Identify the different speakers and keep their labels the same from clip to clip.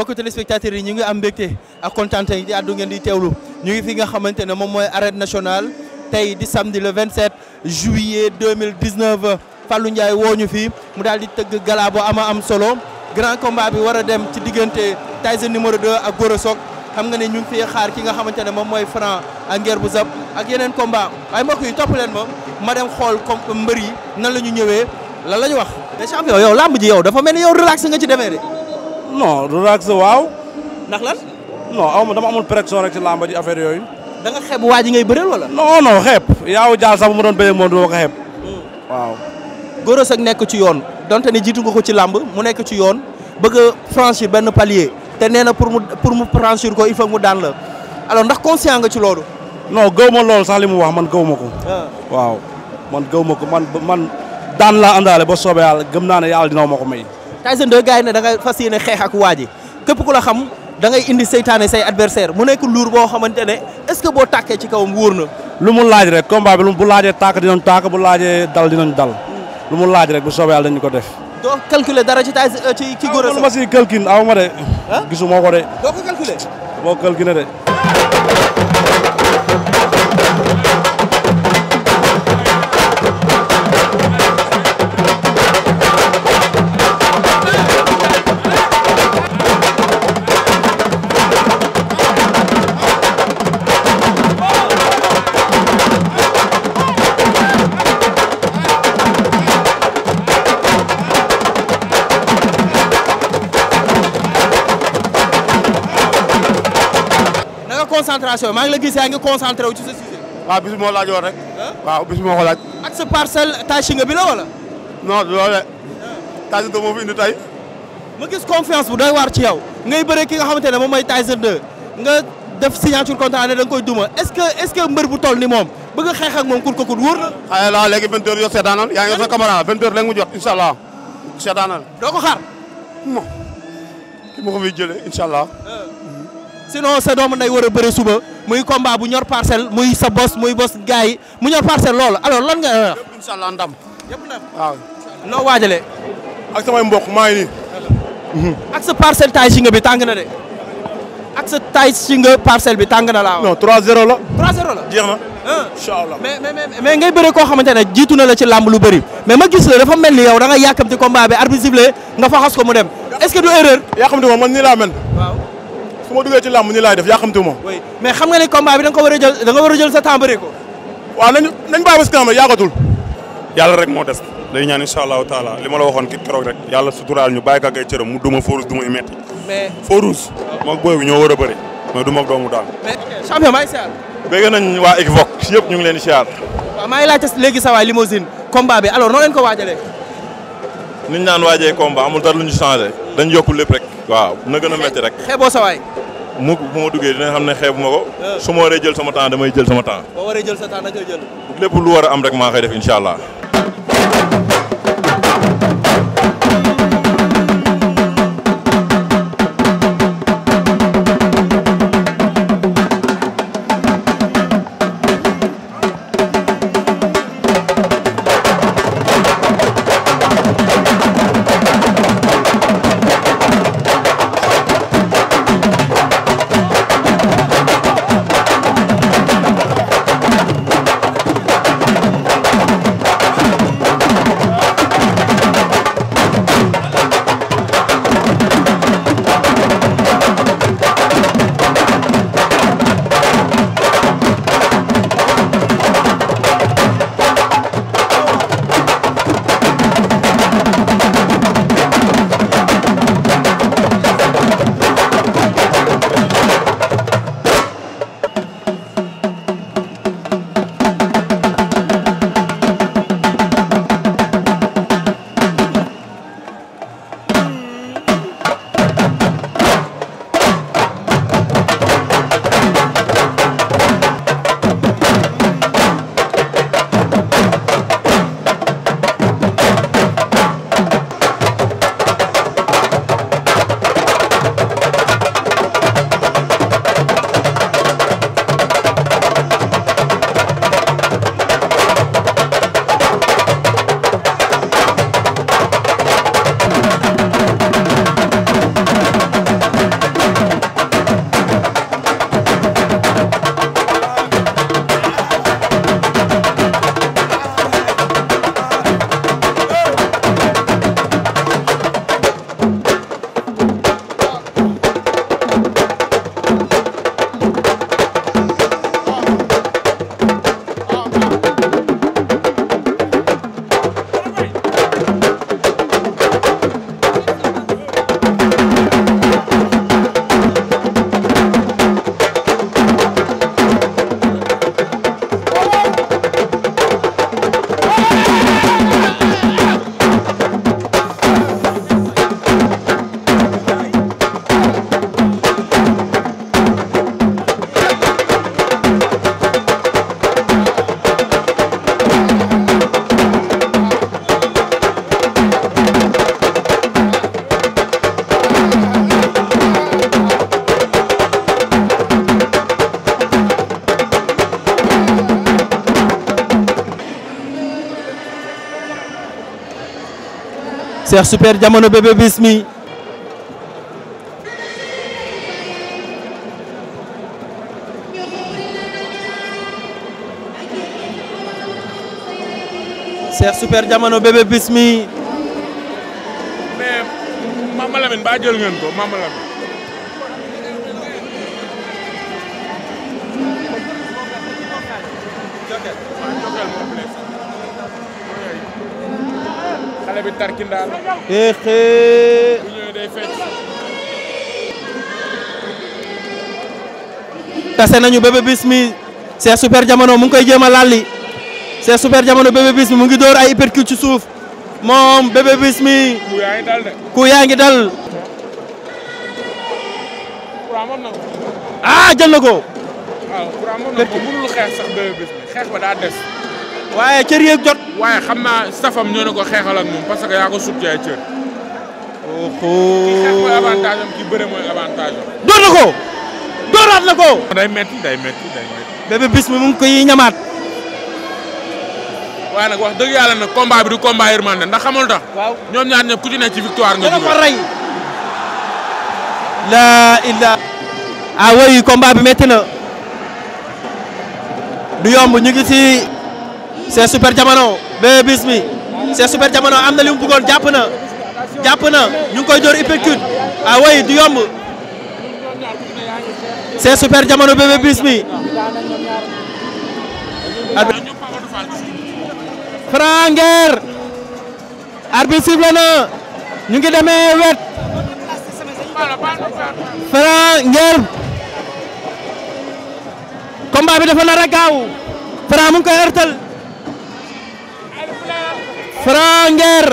Speaker 1: mbokk téléspectateurs yi ñu ngi am mbégte ak kontante yi di àddu ngeen di teewlu ñu ngi fi nga xamante ne moom mooy arène nationale tey di samedi le 27 juillet 2019 Fallou Ndiaye woo ñu fi mu daal di tëgg gala bu ama am solo grand combat bi war a dem ci diggante Tyson numéro 2 ak Gora Sock xam nga ne ñu ngi fi xaar ki nga xamante ne moom mooy Franc ak Nguer bu Zap ak yeneen combat waaye mbokk yi topp leen ma ma dem xool comme mbër yi nan la ñu ñëwee lan la ñu wax. mais champion yow lamb ji yow dafa mel ni yow relax nga ci demee de. non relaxé waaw. ndax la non aw ma dama amul pression rek ci làmba ji affaire yooyu. da nga waa ji ngay bëreel wala. non non yaaw jaal sax bu ma doon bëree moom du ma ko xeeb. Hmm. waaw. Gora Seck nekk ci yoon dont ne jiitu nga ko ci làmb mu nekk ci yoon bëgg a franchir benn palier te nee na pour mu pour mu franchir ko il faut mu daan la alors ndax conscient nga ci loolu. non gëw ma loolu sax li mu wax man gëw ma ko. Ah. waaw man gëw ma ko man man daan laa àndaale ba soobee yàlla gëm naa ne yàlla dina Tyson 2 gars yi ne da nga fas yéene xeex ak waa képp ku la xam da ngay indi seytaane say adversaire mu nekk luur boo xamante ne est-ce que boo tàkkee ci kaw wóor na. lu mu laaj rek combat lu bu laajee tàkk dinañ tàkk bu laajee dal dinañ dal lu mu laaj rek bu soobee yàlla dañu ko def. doo calculer dara ci Tyson ci ci Gora Sock. aw ma lu ma si calcul aw de. gisu moo ko de. doo ko calculer. boo calculer de. concentration maa ngi la gis yaa ngi concentré waaw bis moo laajoon rek. waaw bis moo ko laaj. sa parcelle tâche nga bi la wala. non loole Tyson 2 moo fi indi tey. ma gis confiance bu doy waar ci yow. ngay bëree ki nga xamante ne moom mooy Tyson 2 nga def signature contrat ne da nga koy duma est-ce que mbër bu toll ni moom bëgg a xeex ak moom kur ko kur wóor na. xëy na léegi yoo seetaanal yaa ngi yor sa caméra vingt jot incha seetaanal. doo sinon sa doomu nday war a bëre suba muy combat bu ñor parcelle muy sa bos muy bos gars yi mu ñor parcelle loolu alors lan nga wax. Euh? yëpp incha allah ndam. yëpp ndam waaw. noo waajalee. ak samay mbokk maa ngi nii. Mhm. ak sa parcelle taille nga bi tàng na de. ak sa taille si bi tàng na laa. non 3-0 la. 3-0 la jeex na. incha allah mais mais mais ngay bëre koo xamante ne jiitu na la ci làmb lu bëri. mais ma gis la dafa mel ni yow da nga yàkkamti combat bi arbitre sifflé nga faxas ko mu dem est que du erreur. yàkkamti ko man nii laa mel. su ma duggee ci làmb ni laay def yàqamtu ma. oui mais xam nga ne combat bi da nga a a jël sa temps ko. waaw nañu nañ si kanam rek yàggatul. yàlla rek moo des. day ñaan incha allahu taala li ma la waxoon kit keroog rek. yàlla suturaal ñu bàyyi ko ak ay cëram mu duma Feu Rouge du muy metti. mais Feu Rouge. moog ñoo war a bëri. mais du moog doomu daal. champion maa ngi siyaar. bëgg nañ waa Equivox yëpp ñu ngi leen di siyaar. waaw maa ngi laajte léegi sa waay limousine combat bi alors noo leen ko waajalee ni ñu naan waajee combat amul dara lu ñu changé dañ yokk lépp rek. waaw na gën a métti rek. xeeboo sa waay. mu bu ma duggee dina xam ne xeebu ma ko. Euh. su ma waree jël sama temps damay jël sama temps. boo waree jël sa temps da ngay jël. lépp lu war a am rek maa koy def incha allah. Cheikh Super Diamono Bébé Bismi Cheikh Super Diamono Bébé Bismi mais Mama Lamine jël ngeen ko Mama xale bi tarkindaa la. xeexee. tase nañu Bébé Bismi se Super Jamono mu ngi koy jéem a lalli Super Jamono Bébé Bismi mu ngi door ay uppercut ci suuf moom Bébé Bismi. ku yaa ngi dal de. ku yaa ngi dal. ah jël na waaye cër yeeg jot. waaye xam naa safam ñoo ne ko xeexal ak moom parce que yaa ko sut ci ay cër. oho mooy avantage am kii bëre door na ko. dooraat na ko. day métti day métti day métti. Bébé Bismi mu ngi koy ñamaat. waaye dëgg yàlla nag combat bi du combat ci victoire nga. dina ko la illa ah oui combat bi na. du yomb ñu ngi c'est super jamono Bébé Bismi c'est super jamono am na li mu bëggoon jàpp na jàpp na ñu ngi koy door uppercut ah way du yomb
Speaker 2: c'est super jamono Bébé Bismi
Speaker 1: Franc Nguer arbitre na ñu ngi demee wet Franc Nguer combat bi dafa nar a gaaw Franc mu ngi koy ërtal Franc Nguer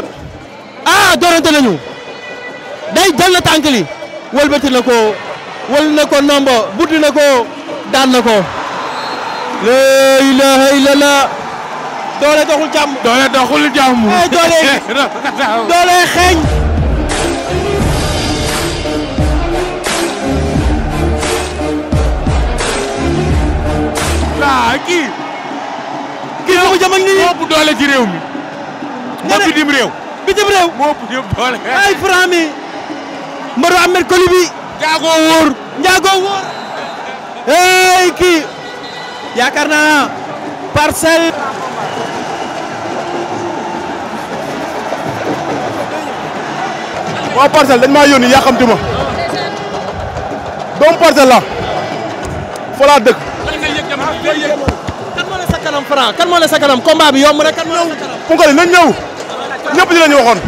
Speaker 1: ah doorante nañu day jël na tànk ko wël ko nomba buddi ko daan ko laa ilaaha illallah doole doxul jàmm doole doxul jàmm eh, doole xeeñ waa ah, kii kii doxu jàmm ci réew mi moo bitim réew. bitim réew moo bitim boole. ay Franc mi. Mbadou Ahmed Kolibi. Ndiago wóor. Ndiago naa parcelle. waa parcelle dañ maa yónni yàqamti ma. doomu parcelle la. fa laa dëkk. kan moo la sa kanam Franc kan moo na Koungheul nañ ñëw ñëpp di ñu waxoon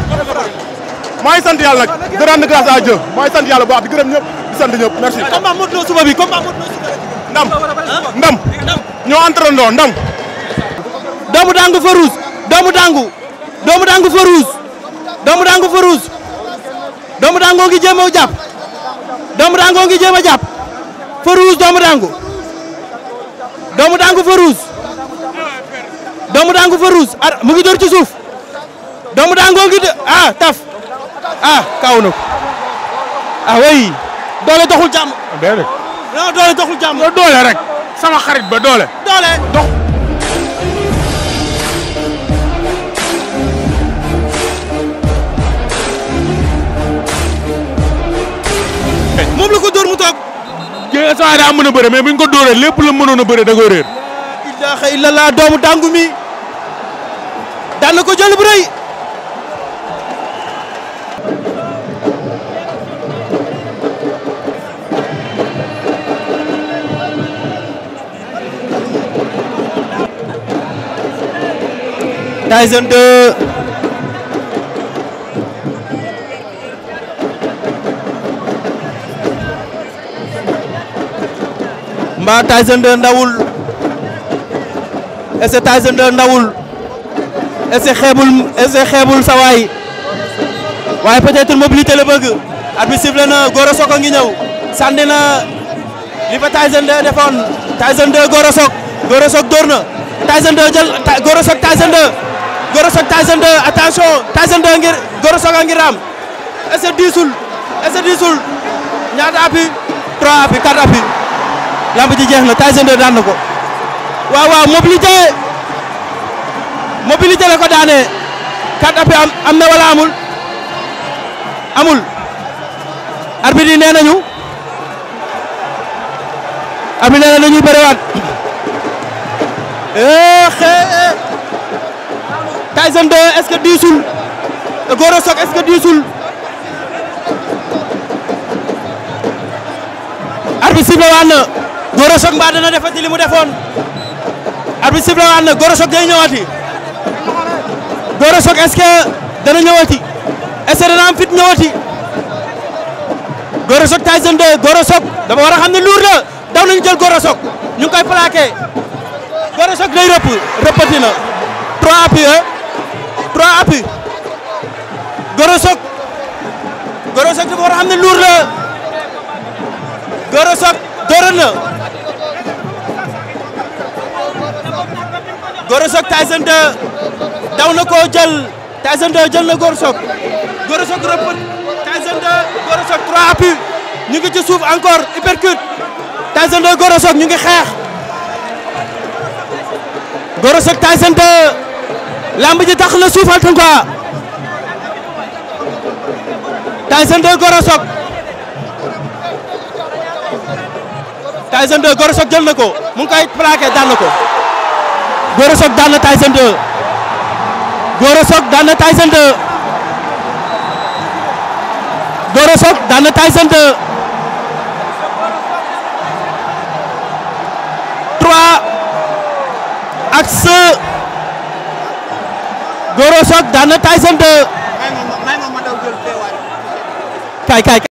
Speaker 1: maa ngi sant yàlla nag di rendre grâce à Dieu maa ngi sant yàlla bu baax di gërëm sant ñëpp merci. combat Modou Lo suba bi combat Modou Lo dangu Farouz doomu dangu doomu dangu Farouz doomu dangu Farouz doomu dangu ngi jéem a jàpp doomu dangu ngi jéem a jàpp Farouz dangu doomu dangu doomu daangu fa ruus ar mu ngi door ci suuf doomu daangoo ngi ah taf ah kaaw na ko ah way doole doxul jàmm. déedéet. doole doxul jàmm. doole rek sama xarit ba doole. doole dox. moom la ko dóor mu toog. jéeg saa daa mën a bëre mais ko dóoree lépp la mënoon a bëre da koy réer. ilaaha illallah doomu dàngu mi daan ko jël bu rëy Tyson 2 ndawul est-ce que ndawul est-ce que xeebul est waaye peut-être mobilité la bëgg arbitre sifflé na ngi ñëw sànni na li fa Tyson 2 defoon Tyson 2 Gora Sock Gora Sock dóor na Tyson 2 jël Gora Sock Tyson 2 Gora Sock Tyson 2 attention Tyson 2 ngir que diisul est-ce que diisul ñaata appui 3 appui 4 appui lamb ji jeex na Tyson daan na ko waaw waaw mobilité mobilité la ko daanee carte d'appui am am na wala amul amul arbitre yi nee nañu arbitre nee na dañuy bëriwaat eh, xee eh. Tyson 2 est-ce que diisul Goro Sock est-ce que diisul arbitre sifflé waat na Goro Sock mbaa dana defati li mu defoon arbitre sifflé waat na Gora Sock day ñëwaati est-ce dana ñëwaati est-ce dana am fit ñëwaati Gora Sock Tyson 2 Gora Sock a xam ne luur la daw nañu jël Gora ñu ngi koy plaqué Gora Sock day na 3 appuis hein 3 appuis Gora dafa war xam ne luur la Gora Sock Gora Sock Tyson ko daw na koo jël Tyson jël na Gora Sock Gora Sock rëpp Tyson 2 ñu ngi ci suuf encore uppercut Tyson 2 ñu ngi xeex Gora Sock Tyson 2 lamb ji tax la suufal tan quoi Tyson 2 jël na ko mu ngi koy plaqué daan na ko Gora Sock daan na Tyson 2 Gora Sock daan na Tyson 2 Gora Sock trois axe Gora Sock daan na kay kay